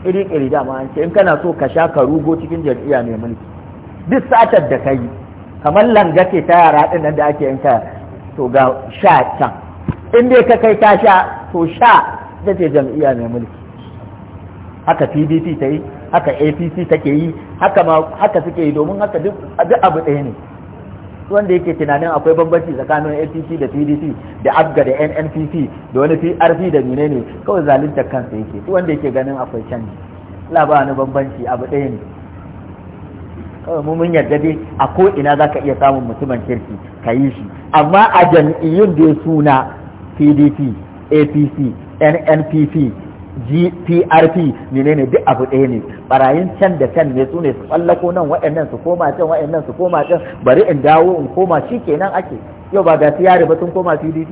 iri iri dama an ce in kana so ka sha ka rugo cikin jam'iyya mai mulki duk satar da kai kamar langa ce ta yara din nan da ake yanka to ga sha can in dai ka kai ka sha to sha ita ce jam'iyya mai mulki haka pdp ta yi haka apc take yi haka ma haka suke yi domin haka duk abu ɗaya ne wanda yake tunanin akwai bambanci tsakanin apc da pdp da abga da nnpc da wani prp da mine ne kawai zalunta kansa yake wanda yake ganin akwai canji labarin bambanci abu ɗaya ne kawai mu mun yarda dai a ko ina za ka iya samun mutumin kirki ka yi shi amma a jam'iyyun da suna pdp apc nnpc. GPRP menene duk abu ɗaya ne barayin can da can ne su ne su tsallako nan waɗannan su koma can waɗannan su koma can bari in dawo in koma shi kenan ake yau ba ga yare ba sun koma PDP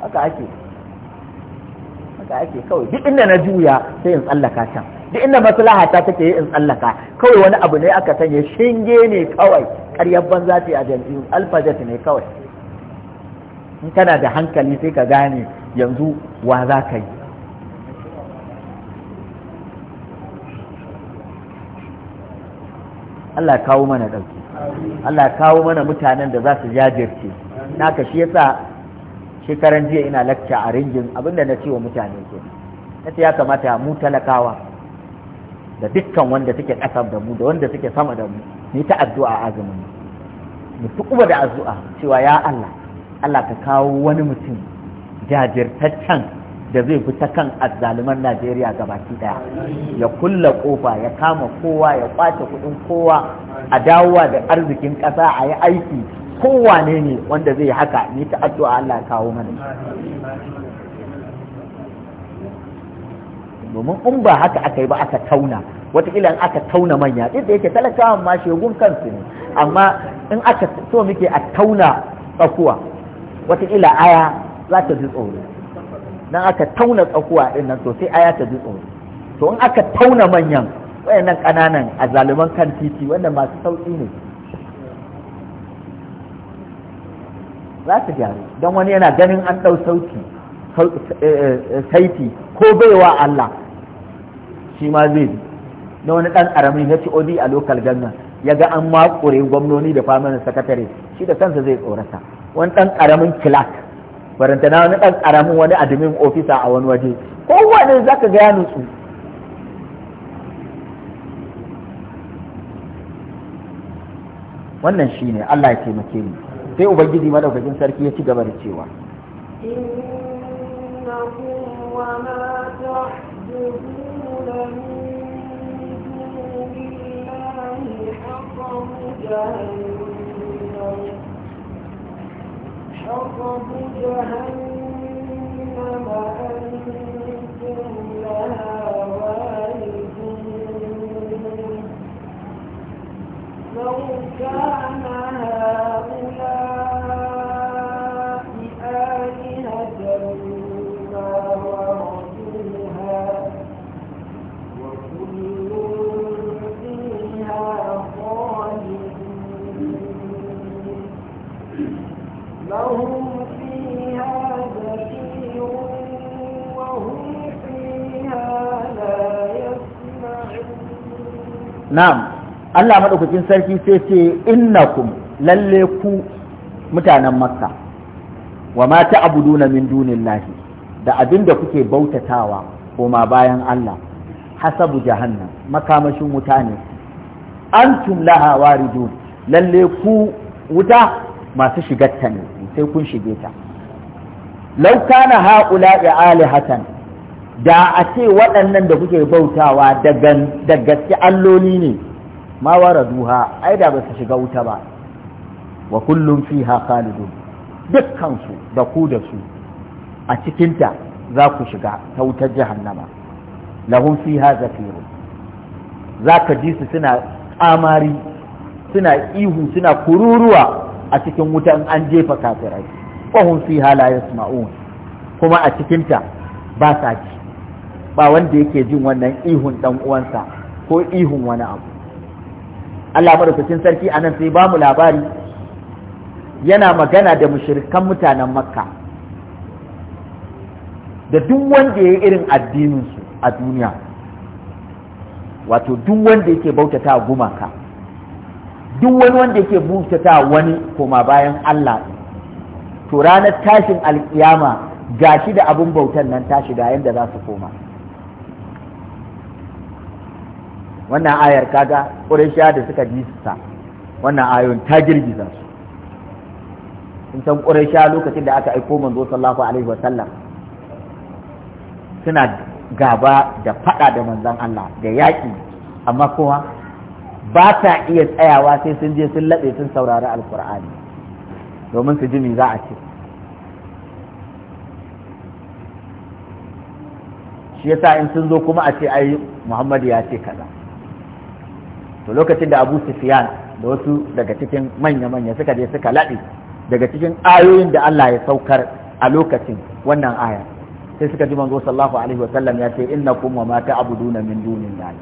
haka ake haka ake kawai duk inda na juya sai in tsallaka can duk inda maslaha ta take yi in tsallaka kawai wani abu ne aka sanya shinge ne kawai karyar banza ce a jam'iyyun alfajet ne kawai in kana da hankali sai ka gane yanzu wa za ka yi Allah ya kawo mana ɗauki Allah kawo mana mutanen da za su jajirce naka shi yasa shekaran jiya ina lakca a ringin abinda na ce wa mutane ke nace ya kamata mu talakawa da dukkan wanda suke ƙasa da mu da wanda suke sama da mu ni ta addu'a azumin mu tukuba da addu'a cewa ya Allah Allah ka kawo wani mutum jajirtaccen da zai fi ta kan azzaliman najeriya baki daya ya kulla kofa ya kama kowa ya kwace kudin kowa a dawowa da arzikin kasa a yi aiki kowa ne wanda zai haka ni ta addu'a allah kawo mana domin in ba haka aka yi ba aka tauna in aka tauna manya duk da yake talakawan ma shegun kansu ne amma in aka so muke a tauna tsakuwa ila aya za ta ji tsoro nan aka tauna tsakuwa din nan to sai aya ta ji tsoro to in aka tauna manyan wayannan kananan a zaluman kan titi wanda masu sauki ne za su gyaru don wani yana ganin an ɗau sauki eh, eh, saiti ko baiwa Allah shi ma zai ji na wani ɗan ƙaramin odi a lokal ganga, ya ga an makure gwamnoni da famanin sakatare shi da kansa zai tsorata wani ɗan ƙaramin kilak na wani ɗan ƙaramin wani admin ofisa a wani waje kowane za ka ga ya nutsu wannan shi ne Allah ya taimake ni sai ubangiji madaukakin sarki ya ci gaba da cewa Yeah. حطب جهنم أنتم لها واردون لو كان هذا na'am Allah madaukakin sarki sai ce innakum lalle ku mutanen makka wa ma ta'buduna min dunillahi da abin da kuke bautatawa ko ma bayan Allah hasabu jahannam makamashin wuta ne antum laha waridun lalle ku wuta masu shigarta ne sai kun shige ta law kana haula ya alihatan da a ce waɗannan da kuke bautawa da gaske alloli ne ma wara duha ai da ba su shiga wuta ba wa kullum fiha khalidun dukkansu da ku da su a cikinta za ku shiga ta wutar jahannama lahum fiha zafiru za ka ji su suna ƙamari, suna ihu suna kururuwa a cikin wutan an jefa kafirai wa fi ha la yasma'un kuma a cikinta ba sa ji ba wanda yake jin wannan ihun dan uwansa ko ihun wani abu Allah madaukakin sarki anan sai ba mu labari yana magana da mushirikan mutanen makka da duk wanda ya yi irin addininsu a duniya wato duk wanda yake bautata gumaka duk wani wanda yake bautata wani koma bayan Allah to ranar tashin alkiyama gashi da abin bautan nan tashi ga yadda za su koma wannan ayar kaga ƙurayshiya da suka ji ta wannan ayon ta girgiza su sun san ƙurayshiya lokacin da aka aiko manzo sallallahu alaihi wasallam suna gaba da faɗa da manzon Allah da yaƙi amma kuma ba ta iya tsayawa sai sun je sun laɓe sun saurari alkur'ani domin su ji me za a ce shi yasa in sun zo kuma a ce ai muhammadu ya ce kaza to lokacin da abu sufyan da wasu daga cikin manya-manya suka je suka laɗe daga cikin ayoyin da Allah ya saukar a lokacin wannan aya sai suka ji manzo sallallahu alaihi wa sallam ya ce innakum wa ma ta'buduna min dunillahi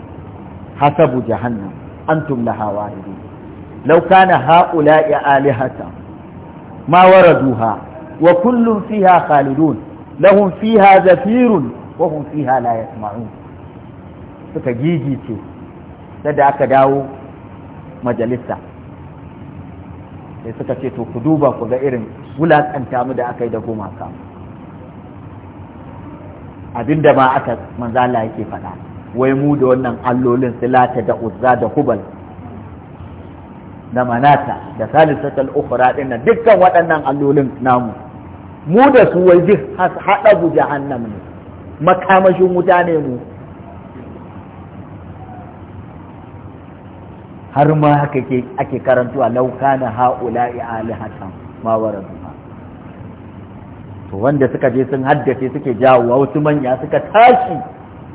hasabu jahannam antum laha waridun law kana haula'i alihatan ma waraduha wa kullun fiha khalidun lahum fiha zafirun wa hum fiha la yasma'un suka gigice da aka dawo majalisa sai suka ce to ku duba ku ga irin wulaƙanta mu da aka yi da gumaka abinda ma aka manzala yake faɗa wai mu da wannan allolin silata da uzza da hubal da manata da salisatul ukhra din nan dukkan waɗannan allolin namu mu da su wai haɗa jahannam ne makamashin wuta ne mu har ma haka ake karantuwa laukana ha'ula'i alihatan ma waradu to wanda suka je sun haddace suke jawowa wasu manya suka tashi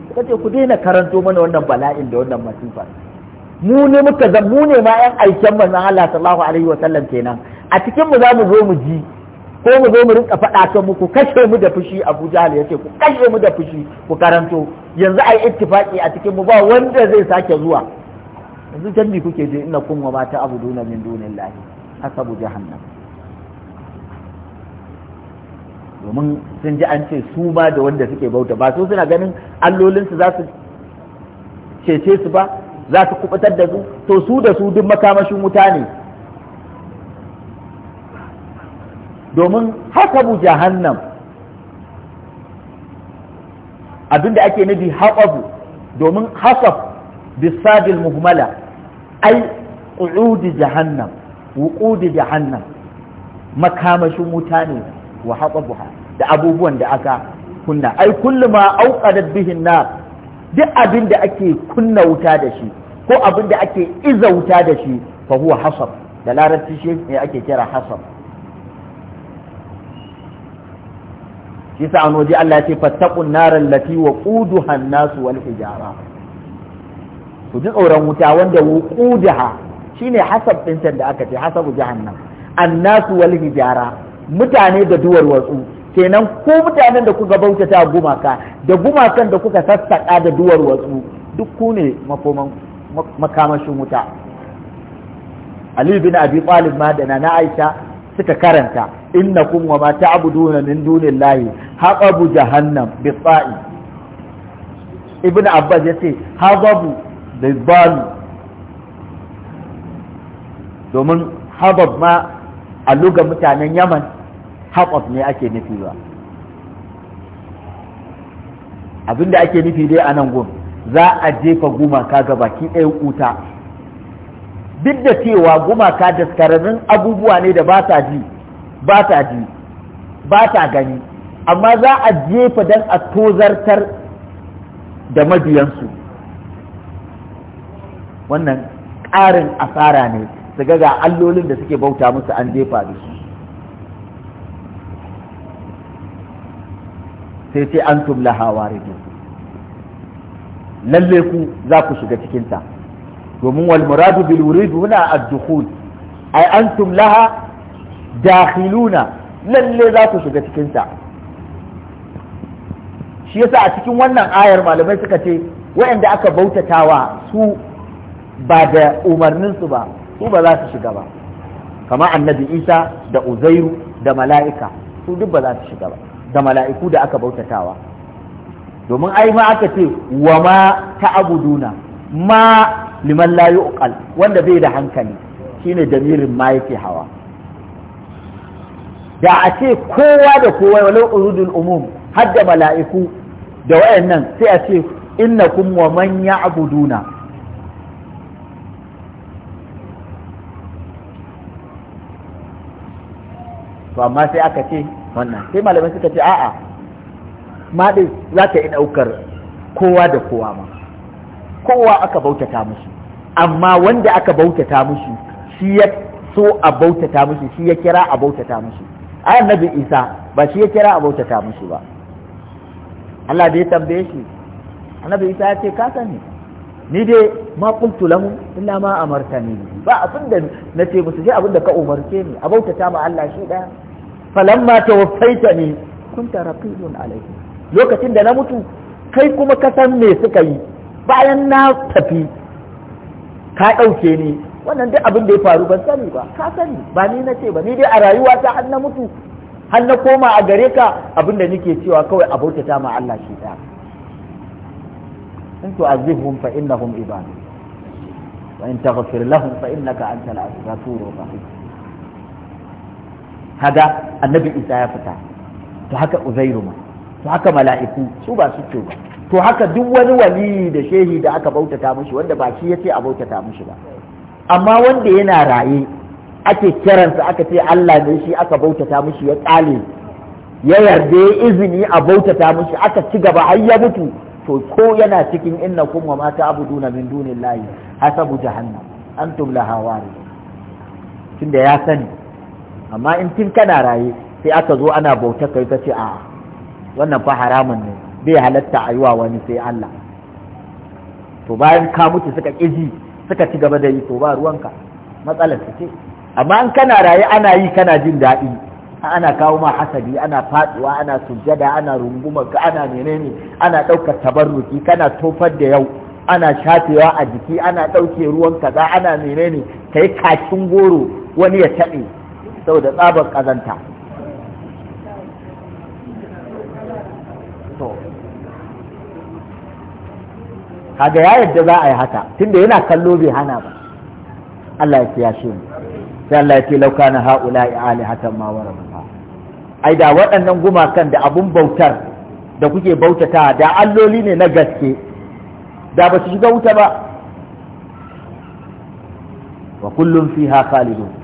suka ce ku daina karanto mana wannan bala'in da wannan masifa mu ne muka zan mu ne ma yan aikin manzon Allah sallallahu alaihi wa sallam kenan a cikin mu za mu zo mu ji ko mu zo mu rinka faɗa kan muku kashe mu da fushi Abu Jahl yace ku kashe mu da fushi ku karanto yanzu ai ittifaki a cikin mu ba wanda zai sake zuwa yanzu janni kuke je ina kun wa mata abu duna min dunin lahi hasabu jahannam domin sun ji an ce su ma da wanda suke bauta ba su suna ganin allolinsu za su cece su ba za su kubutar da su to su da su duk makamashin wuta ne domin hasabu jahannam abinda ake nufi haɓabu domin hasab bisadil muhmala ai qu'udi jahannam wuqudi jahannam makamashin wuta ne wa buha da abubuwan da aka kunna ai kullu ma da bihin nar duk abin da ake kunna wuta da shi ko abin da ake iza wuta da shi fa huwa hasab da larabci shi ne ake kira hasab shi sa an waje Allah ya ce fattaqun nar allati waquduha an-nas wal hijara ku ji tsoron wuta wanda shi shine hasab ɗinta da aka ce hasabu jahannam annasu wal hijara mutane da duwar watsu kenan ko mutanen da kuka bautata gumaka da gumakan da kuka sassaƙa da duwar watsu duk ku ne makoman makamashin wuta Ali bin Abi Talib ma da na Aisha suka karanta innakum wa ma ta'buduna min dunillahi haqabu jahannam bi Ibn Abbas yace haqabu lizbal domin habab ma a lugar mutanen yaman habab ne ake nufi ba abinda ake nufi dai a nan gun za a jefa gumaka ga baki ɗaya kuta duk da cewa gumaka daskararrun abubuwa ne da ba ta ji ba ta ji ba ta gani amma za a jefa don a tozartar da mabiyansu wannan ƙarin asara ne su ga ga allolin da suke bauta musu an jefa da su sai sai an tumla hawa lalle ku za ku shiga cikinta domin wal muradu bil wurid huna ad-dukhul ay antum laha dakhiluna lalle za ku shiga cikinta shi yasa a cikin wannan ayar malamai suka ce wayanda aka bautatawa su ba da umarninsu ba su ba za su shiga ba kama annabi isa da uzairu da mala'ika su duk ba za su shiga ba da mala'iku da aka bautatawa domin ai ma aka ce wa ma ta'abuduna ma liman la yuqal wanda bai da hankali shine damirin ma yake hawa da a ce kowa da kowa walau urudul umum har da mala'iku da wayannan sai a ce innakum wa man ya'buduna to amma sai aka ce wannan sai malamai suka ce a'a ma dai za ta yi ɗaukar kowa da kowa ma kowa aka bautata mushi amma wanda aka bautata mushi shi ya so a bautata mushi shi ya kira a bautata mushi annabi isa ba shi ya kira a bautata mushi ba Allah da ya tambaye shi annabi isa ya ce ka sani ni dai ma qultu lahum illa ma amartani ba abinda nace musu je abinda ka umarce ni a bautata ma Allah shi daya falamma tawaffaitani kunta raqibun alayhi lokacin da na mutu kai kuma ka san me suka yi bayan na tafi ka dauke ni wannan duk abin da ya faru ban sani ba ka sani ba ni na ce ba ni dai a rayuwa ta har na mutu har na koma a gare ka abin da nake cewa kawai a bautata ma Allah shi ɗaya in tu'azzibhum fa innahum ibadu wa in taghfir lahum fa innaka antal ghafurur rahim kaga annabi isa ya fita to haka uzairu ma to haka mala'iku su ba su ce ba to haka duk wani wali da shehi da aka bautata mushi wanda ba shi yace a bautata mushi ba amma wanda yana raye ake kiransa aka ce Allah ne shi aka bautata mushi ya tsale ya yarda ya izini a bautata mushi aka ci gaba har ya mutu to ko yana cikin innakum wa ma ta'buduna min dunillahi hasabu jahannam antum laha warid tunda ya sani amma in tun kana raye sai aka zo ana bauta kai ka ce a wannan fa haramun ne bai halatta a yi wa wani sai Allah to bayan ka mutu suka kiji suka ci gaba da yi to ba ruwanka matsalar ce amma in kana raye ana yi kana jin daɗi ana kawo ma hasabi ana faɗuwa ana sujjada ana runguma ka ana menene ana ɗaukar tabarruki kana tofar da yau ana shafewa a jiki ana ɗauke ruwan kaza ana menene kai kashin goro wani ya taɓe saboda tsabar kazanta kaga ya yadda za a yi haka tunda yana kallo bai hana ba Allah ya shi mu sai Allah ya ce lauka na haula ya ali hatan ma wara ai da waɗannan gumakan da abun bautar da kuke bautata da alloli ne na gaske da ba su shiga wuta ba wa kullum fiha khalidun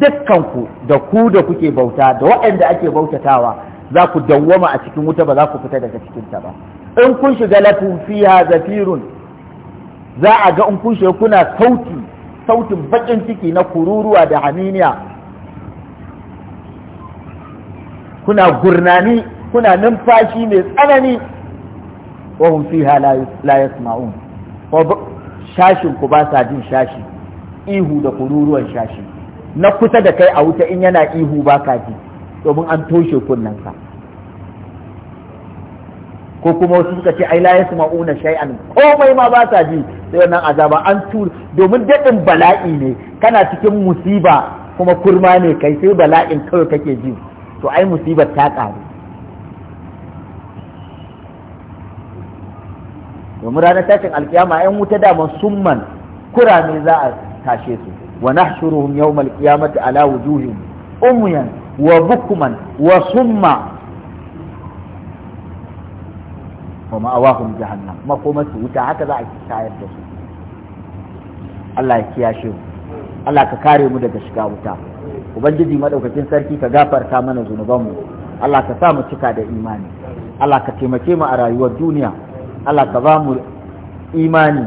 dukkanku da ku da kuke bauta da waɗanda ake bautatawa za ku dawwama a cikin wuta ba za ku fita daga cikinta ba in kun shiga lafin fiya zafirun za a ga in kun shiga kuna sauti sautin baƙin ciki na kururuwa da haminiya kuna gurnani kuna numfashi mai tsanani wa hum fiha la yasma'un shashin ku ba sa jin shashi ihu da kururuwan shashi na kusa da kai a wuta in yana ihu ba ka ji domin an toshe kunnensa ko kuma wasu suka ce ai la yasma'una shay'an komai ma ba sa ji sai wannan azaba an tur domin daɗin bala'i ne kana cikin musiba kuma kurma ne kai sai bala'in kawai kake ji to ai musibar ta ƙare domin ranar tashin alkiyama yan wuta daman summan ne za a tashe su wa nahshuruhum yawmal qiyamati ala wujuhihim umyan wa bukman wa summa wa ma'awahum jahannam makoma su wuta haka za a shayar da su Allah ya kiyashe mu Allah ka kare mu daga shiga wuta ubangiji madaukakin sarki ka gafarta mana zunubanmu Allah ka sa mu cika da imani Allah ka taimake mu a rayuwar duniya Allah ka ba mu imani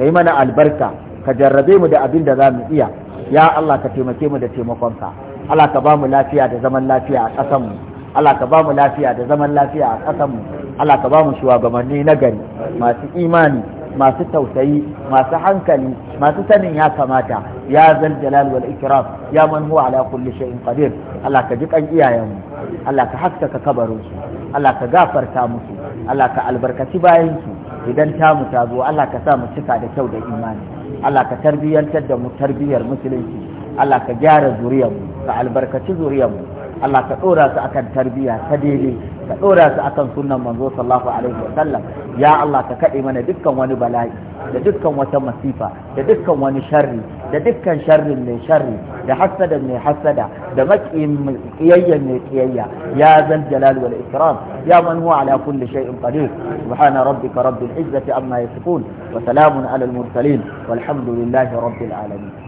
ka yi mana albarka ka jarrabe mu da abin da za mu iya ya Allah ka taimake mu da taimakonka Allah ka ba mu lafiya da zaman lafiya a ƙasar mu Allah ka ba mu lafiya da zaman lafiya a ƙasar mu Allah ka ba mu shugabanni na gari masu imani masu tausayi masu hankali masu sanin ya kamata ya zal jalal wal ikram ya man huwa ala kulli shay'in qadir Allah ka ji kan iyayenmu Allah ka haskaka kabarin su Allah ka gafarta musu Allah ka albarkaci bayan su idan ta mu ta zo Allah ka sa mu cika da kyau da imani Allah ka tarbiyyantar da mu tarbiyar musulunci Allah ka gyara zuriyar mu ka albarkaci zuriyar mu Allah ka ɗora su akan tarbiyya ta daidai ka dora su akan sunnan manzo sallallahu alaihi wasallam ya Allah ka kaɗe mana dukkan wani bala'i da dukkan wata masifa da dukkan wani sharri da dukkan sharrin mai sharri da hasada mai hasada da makiyin mai ƙiyayya ya zal jalal wal ikram ya man huwa ala kulli shay'in qadir subhana rabbika rabbil izzati amma yasifun wa salamun ala al mursalin walhamdulillahi rabbil alamin